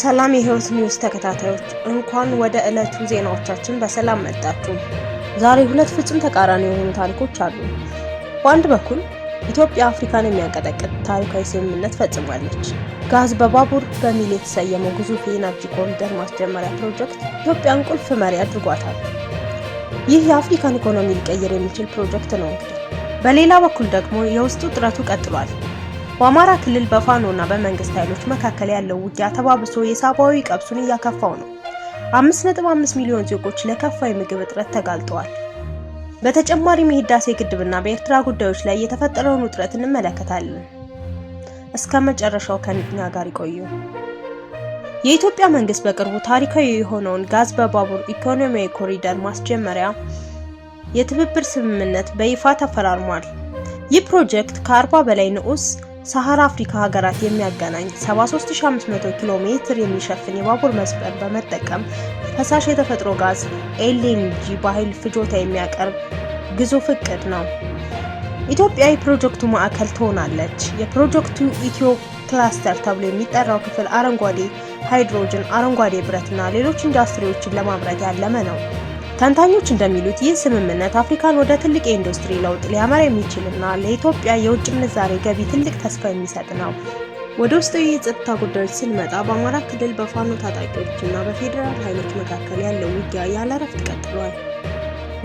ሰላም የህይወት ኒውስ ተከታታዮች እንኳን ወደ ዕለቱ ዜናዎቻችን በሰላም መጣችሁ። ዛሬ ሁለት ፍጹም ተቃራኒ የሆኑ ታሪኮች አሉ። በአንድ በኩል ኢትዮጵያ አፍሪካን የሚያንቀጠቅጥ ታሪካዊ ስምምነት ፈጽማለች። ጋዝ በባቡር በሚል የተሰየመው ግዙፍ የኢነርጂ ኮሪደር ማስጀመሪያ ፕሮጀክት ኢትዮጵያን ቁልፍ መሪ አድርጓታል። ይህ የአፍሪካን ኢኮኖሚ ሊቀይር የሚችል ፕሮጀክት ነው። እንግዲህ በሌላ በኩል ደግሞ የውስጡ ጥረቱ ቀጥሏል። በአማራ ክልል በፋኖና በመንግስት ኃይሎች መካከል ያለው ውጊያ ተባብሶ የሰብአዊ ቀብሱን እያከፋው ነው። 5.5 ሚሊዮን ዜጎች ለከፋ የምግብ እጥረት ተጋልጠዋል። በተጨማሪም የህዳሴ ግድብና በኤርትራ ጉዳዮች ላይ የተፈጠረውን ውጥረት እንመለከታለን። እስከ መጨረሻው ከኛ ጋር ይቆዩ። የኢትዮጵያ መንግስት በቅርቡ ታሪካዊ የሆነውን ጋዝ በባቡር ኢኮኖሚያዊ ኮሪደር ማስጀመሪያ የትብብር ስምምነት በይፋ ተፈራርሟል። ይህ ፕሮጀክት ከ40 በላይ ንዑስ ሳሃራ አፍሪካ ሀገራት የሚያገናኝ 73500 ኪሎ ሜትር የሚሸፍን የባቡር መስመር በመጠቀም ፈሳሽ የተፈጥሮ ጋዝ ኤልኤንጂ በኃይል ፍጆታ የሚያቀርብ ግዙፍ እቅድ ነው። ኢትዮጵያ የፕሮጀክቱ ማዕከል ትሆናለች። የፕሮጀክቱ ኢትዮ ክላስተር ተብሎ የሚጠራው ክፍል አረንጓዴ ሃይድሮጅን፣ አረንጓዴ ብረትና ሌሎች ኢንዱስትሪዎችን ለማምረት ያለመ ነው። ተንታኞች እንደሚሉት ይህ ስምምነት አፍሪካን ወደ ትልቅ የኢንዱስትሪ ለውጥ ሊያመራ የሚችልና ለኢትዮጵያ የውጭ ምንዛሬ ገቢ ትልቅ ተስፋ የሚሰጥ ነው። ወደ ውስጣዊ የጸጥታ ጉዳዮች ስንመጣ በአማራ ክልል በፋኖ ታጣቂዎችና በፌዴራል ኃይሎች መካከል ያለው ውጊያ ያለ እረፍት ቀጥሏል።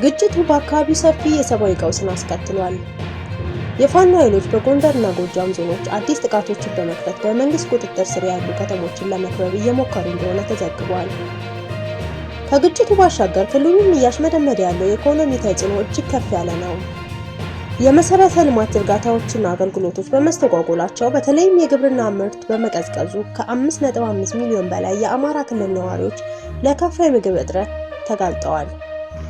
ግጭቱ በአካባቢው ሰፊ የሰብአዊ ቀውስን አስከትሏል። የፋኖ ኃይሎች በጎንደርና ጎጃም ዞኖች አዲስ ጥቃቶችን በመክፈት በመንግስት ቁጥጥር ስር ያሉ ከተሞችን ለመክበብ እየሞከሩ እንደሆነ ተዘግቧል። ከግጭቱ ባሻገር ክልሉን እያሽመደመደ ያለው የኢኮኖሚ ተጽዕኖ እጅግ ከፍ ያለ ነው። የመሰረተ ልማት ዝርጋታዎችና አገልግሎቶች በመስተጓጎላቸው በተለይም የግብርና ምርት በመቀዝቀዙ ከ5.5 ሚሊዮን በላይ የአማራ ክልል ነዋሪዎች ለከፋ የምግብ እጥረት ተጋልጠዋል።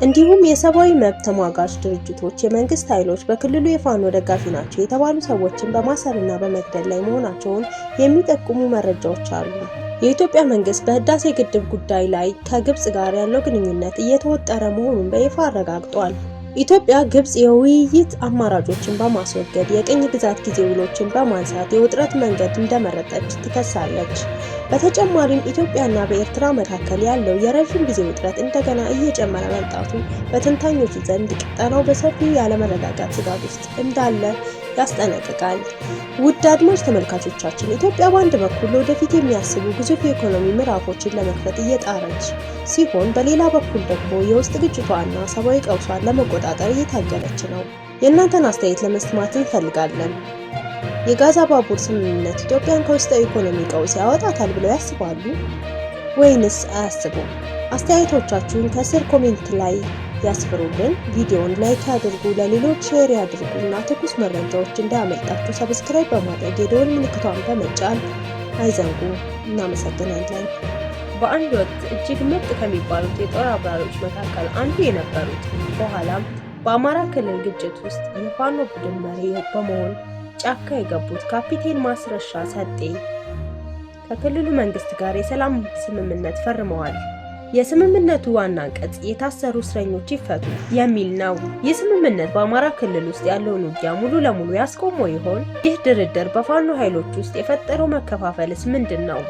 እንዲሁም የሰብአዊ መብት ተሟጋች ድርጅቶች የመንግስት ኃይሎች በክልሉ የፋኖ ደጋፊ ናቸው የተባሉ ሰዎችን በማሰርና በመግደል ላይ መሆናቸውን የሚጠቁሙ መረጃዎች አሉ። የኢትዮጵያ መንግስት በህዳሴ ግድብ ጉዳይ ላይ ከግብጽ ጋር ያለው ግንኙነት እየተወጠረ መሆኑን በይፋ አረጋግጧል። ኢትዮጵያ ግብጽ የውይይት አማራጮችን በማስወገድ የቅኝ ግዛት ጊዜ ውሎችን በማንሳት የውጥረት መንገድ እንደመረጠች ትከሳለች። በተጨማሪም ኢትዮጵያና በኤርትራ መካከል ያለው የረዥም ጊዜ ውጥረት እንደገና እየጨመረ መምጣቱ በተንታኞች ዘንድ ቀጠናው በሰፊው ያለመረጋጋት ስጋት ውስጥ እንዳለ ያስጠነቅቃል። ውድ አድማጭ ተመልካቾቻችን ኢትዮጵያ በአንድ በኩል ለወደፊት የሚያስቡ ግዙፍ የኢኮኖሚ ምዕራፎችን ለመክፈት እየጣረች ሲሆን በሌላ በኩል ደግሞ የውስጥ ግጭቷና ሰብአዊ ቀውሷን ለመቆጣጠር እየታገለች ነው። የእናንተን አስተያየት ለመስማት እንፈልጋለን። የጋዛ ባቡር ስምምነት ኢትዮጵያን ከውስጣዊ ኢኮኖሚ ቀውስ ያወጣታል ብለው ያስባሉ ወይንስ አያስቡም? አስተያየቶቻችሁን ከስር ኮሜንት ላይ ያስፍሩልን። ቪዲዮውን ላይክ ያድርጉ፣ ለሌሎች ሼር እና ትኩስ መረጃዎች እንዳያመልጣችሁ ሰብስክራይብ በማድረግ የደወል ምልክቷን በመጫን አይዘንጉ። እናመሰግናለን። በአንድ ወቅት እጅግ ምርጥ ከሚባሉት የጦር አብራሪዎች መካከል አንዱ የነበሩት በኋላም በአማራ ክልል ግጭት ውስጥ የፋኖ ቡድን መሪ በመሆን ጫካ የገቡት ካፒቴን ማስረሻ ሰጤ ከክልሉ መንግስት ጋር የሰላም ስምምነት ፈርመዋል። የስምምነቱ ዋና አንቀጽ የታሰሩ እስረኞች ይፈቱ የሚል ነው። ይህ ስምምነት በአማራ ክልል ውስጥ ያለውን ውጊያ ሙሉ ለሙሉ ያስቆሞ ይሆን? ይህ ድርድር በፋኖ ኃይሎች ውስጥ የፈጠረው መከፋፈልስ ምንድን ነው?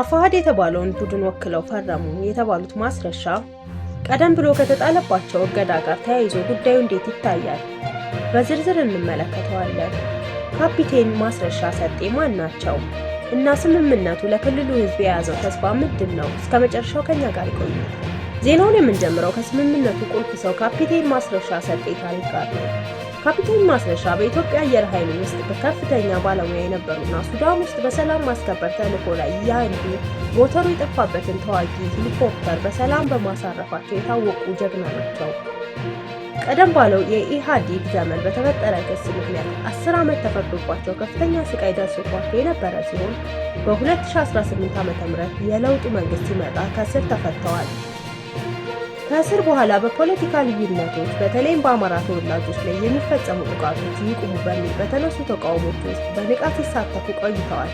አፋሃድ የተባለውን ቡድን ወክለው ፈረሙ የተባሉት ማስረሻ ቀደም ብሎ ከተጣለባቸው እገዳ ጋር ተያይዞ ጉዳዩ እንዴት ይታያል? በዝርዝር እንመለከተዋለን። ካፒቴን ማስረሻ ሰጤ ማን ናቸው? እና ስምምነቱ ለክልሉ ህዝብ የያዘው ተስፋ ምንድን ነው? እስከ መጨረሻው ከኛ ጋር ይቆዩ። ዜናውን የምንጀምረው ከስምምነቱ ቁልፍ ሰው ካፒቴን ማስረሻ ሰጤ ታሪክ ጋር ነው። ካፒቴን ማስረሻ በኢትዮጵያ አየር ኃይል ውስጥ ከፍተኛ ባለሙያ የነበሩና ሱዳን ውስጥ በሰላም ማስከበር ተልዕኮ ላይ ያንዱ ሞተሩ የጠፋበትን ተዋጊ ሄሊኮፕተር በሰላም በማሳረፋቸው የታወቁ ጀግና ናቸው። ቀደም ባለው የኢህአዴግ ዘመን በተፈጠረ ክስ ምክንያት አስር ዓመት ተፈርዶባቸው ከፍተኛ ስቃይ ደርሶባቸው የነበረ ሲሆን በ2018 ዓ. ም የለውጡ መንግስት ሲመጣ ከእስር ተፈተዋል። ከእስር በኋላ በፖለቲካ ልዩነቶች በተለይም በአማራ ተወላጆች ላይ የሚፈጸሙ ጥቃቶች ይቁሙ በሚል በተነሱ ተቃውሞች ውስጥ በንቃት ሲሳተፉ ቆይተዋል።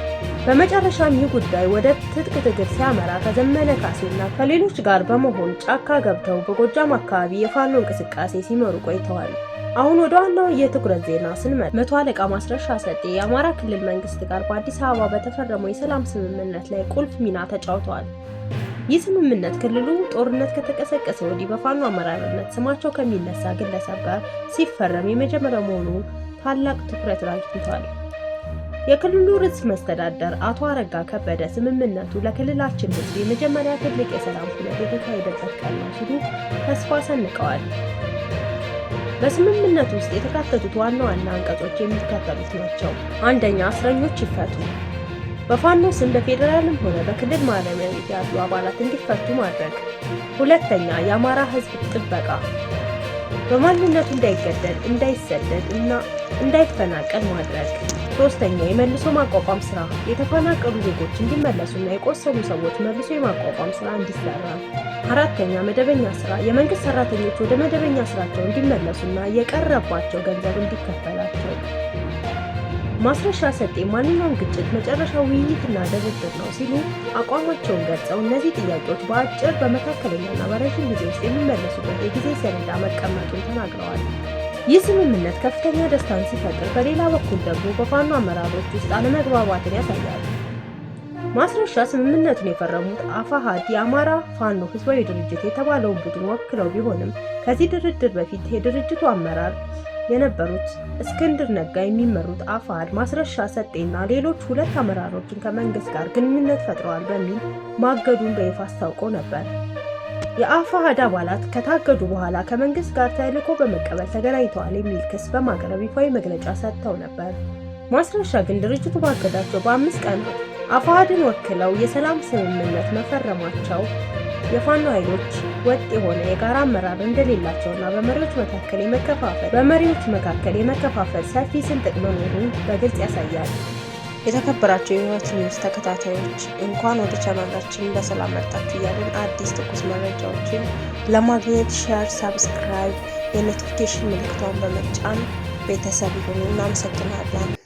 በመጨረሻም ይህ ጉዳይ ወደ ትጥቅ ትግል ሲያመራ ከዘመነ ካሴና ከሌሎች ጋር በመሆን ጫካ ገብተው በጎጃም አካባቢ የፋኖ እንቅስቃሴ ሲመሩ ቆይተዋል። አሁን ወደ ዋናው የትኩረት ዜና ስንመጥ መቶ አለቃ ማስረሻ ሰጤ የአማራ ክልል መንግስት ጋር በአዲስ አበባ በተፈረመው የሰላም ስምምነት ላይ ቁልፍ ሚና ተጫውተዋል። ስምምነት ክልሉ ጦርነት ከተቀሰቀሰ ወዲህ በፋኖ አመራርነት ስማቸው ከሚነሳ ግለሰብ ጋር ሲፈረም የመጀመሪያው መሆኑ ታላቅ ትኩረት አግኝቷል። የክልሉ ርዕሰ መስተዳደር አቶ አረጋ ከበደ ስምምነቱ ለክልላችን ሕዝብ የመጀመሪያ ትልቅ የሰላም ሁነት የተካሄደበት ቀን ነው ሲሉ ተስፋ ሰንቀዋል። በስምምነቱ ውስጥ የተካተቱት ዋና ዋና አንቀጾች የሚከተሉት ናቸው። አንደኛ፣ እስረኞች ይፈቱ። በፋኖ ስም በፌዴራልም ሆነ በክልል ማረሚያ ቤት ያሉ አባላት እንዲፈቱ ማድረግ። ሁለተኛ የአማራ ህዝብ ጥበቃ በማንነቱ እንዳይገደል፣ እንዳይሰደድ እና እንዳይፈናቀል ማድረግ። ሶስተኛ የመልሶ ማቋቋም ስራ የተፈናቀሉ ዜጎች እንዲመለሱና የቆሰሉ ሰዎች መልሶ የማቋቋም ስራ እንዲሰራ። አራተኛ መደበኛ ስራ የመንግስት ሰራተኞች ወደ መደበኛ ስራቸው እንዲመለሱና የቀረባቸው ገንዘብ እንዲከፈላቸው ማስረሻ ሰጤ ማንኛውም ግጭት መጨረሻ ውይይትና ድርድር ነው ሲሉ አቋማቸውን ገልጸው እነዚህ ጥያቄዎች በአጭር በመካከለኛና በረዥም ጊዜ ውስጥ የሚመለሱበት የጊዜ ሰሌዳ መቀመጡን ተናግረዋል። ይህ ስምምነት ከፍተኛ ደስታን ሲፈጥር፣ በሌላ በኩል ደግሞ በፋኖ አመራሮች ውስጥ አለመግባባትን ያሳያል። ማስረሻ ስምምነቱን የፈረሙት አፋሃድ የአማራ ፋኖ ህዝባዊ ድርጅት የተባለውን ቡድን ወክለው ቢሆንም ከዚህ ድርድር በፊት የድርጅቱ አመራር የነበሩት እስክንድር ነጋ የሚመሩት አፋሕድ ማስረሻ ሰጤና ሌሎች ሁለት አመራሮችን ከመንግስት ጋር ግንኙነት ፈጥረዋል በሚል ማገዱን በይፋ አስታውቀው ነበር። የአፋሕድ አባላት ከታገዱ በኋላ ከመንግስት ጋር ተልዕኮ በመቀበል ተገናኝተዋል የሚል ክስ በማቅረብ ይፋዊ መግለጫ ሰጥተው ነበር። ማስረሻ ግን ድርጅቱ ባገዳቸው በአምስት ቀን አፋሕድን ወክለው የሰላም ስምምነት መፈረማቸው የፋኖ ኃይሎች ወጥ የሆነ የጋራ አመራር እንደሌላቸውና በመሪዎች መካከል የመከፋፈል በመሪዎች መካከል የመከፋፈል ሰፊ ስንጥቅ መኖሩ በግልጽ ያሳያል። የተከበራቸው የህይወት ኒውስ ተከታታዮች እንኳን ወደ ቻናላችን በሰላም መጣችሁ እያልን አዲስ ትኩስ መረጃዎችን ለማግኘት ሼር፣ ሰብስክራይብ፣ የኖቲፊኬሽን ምልክቷን በመጫን ቤተሰብ ይሁኑ። እናመሰግናለን።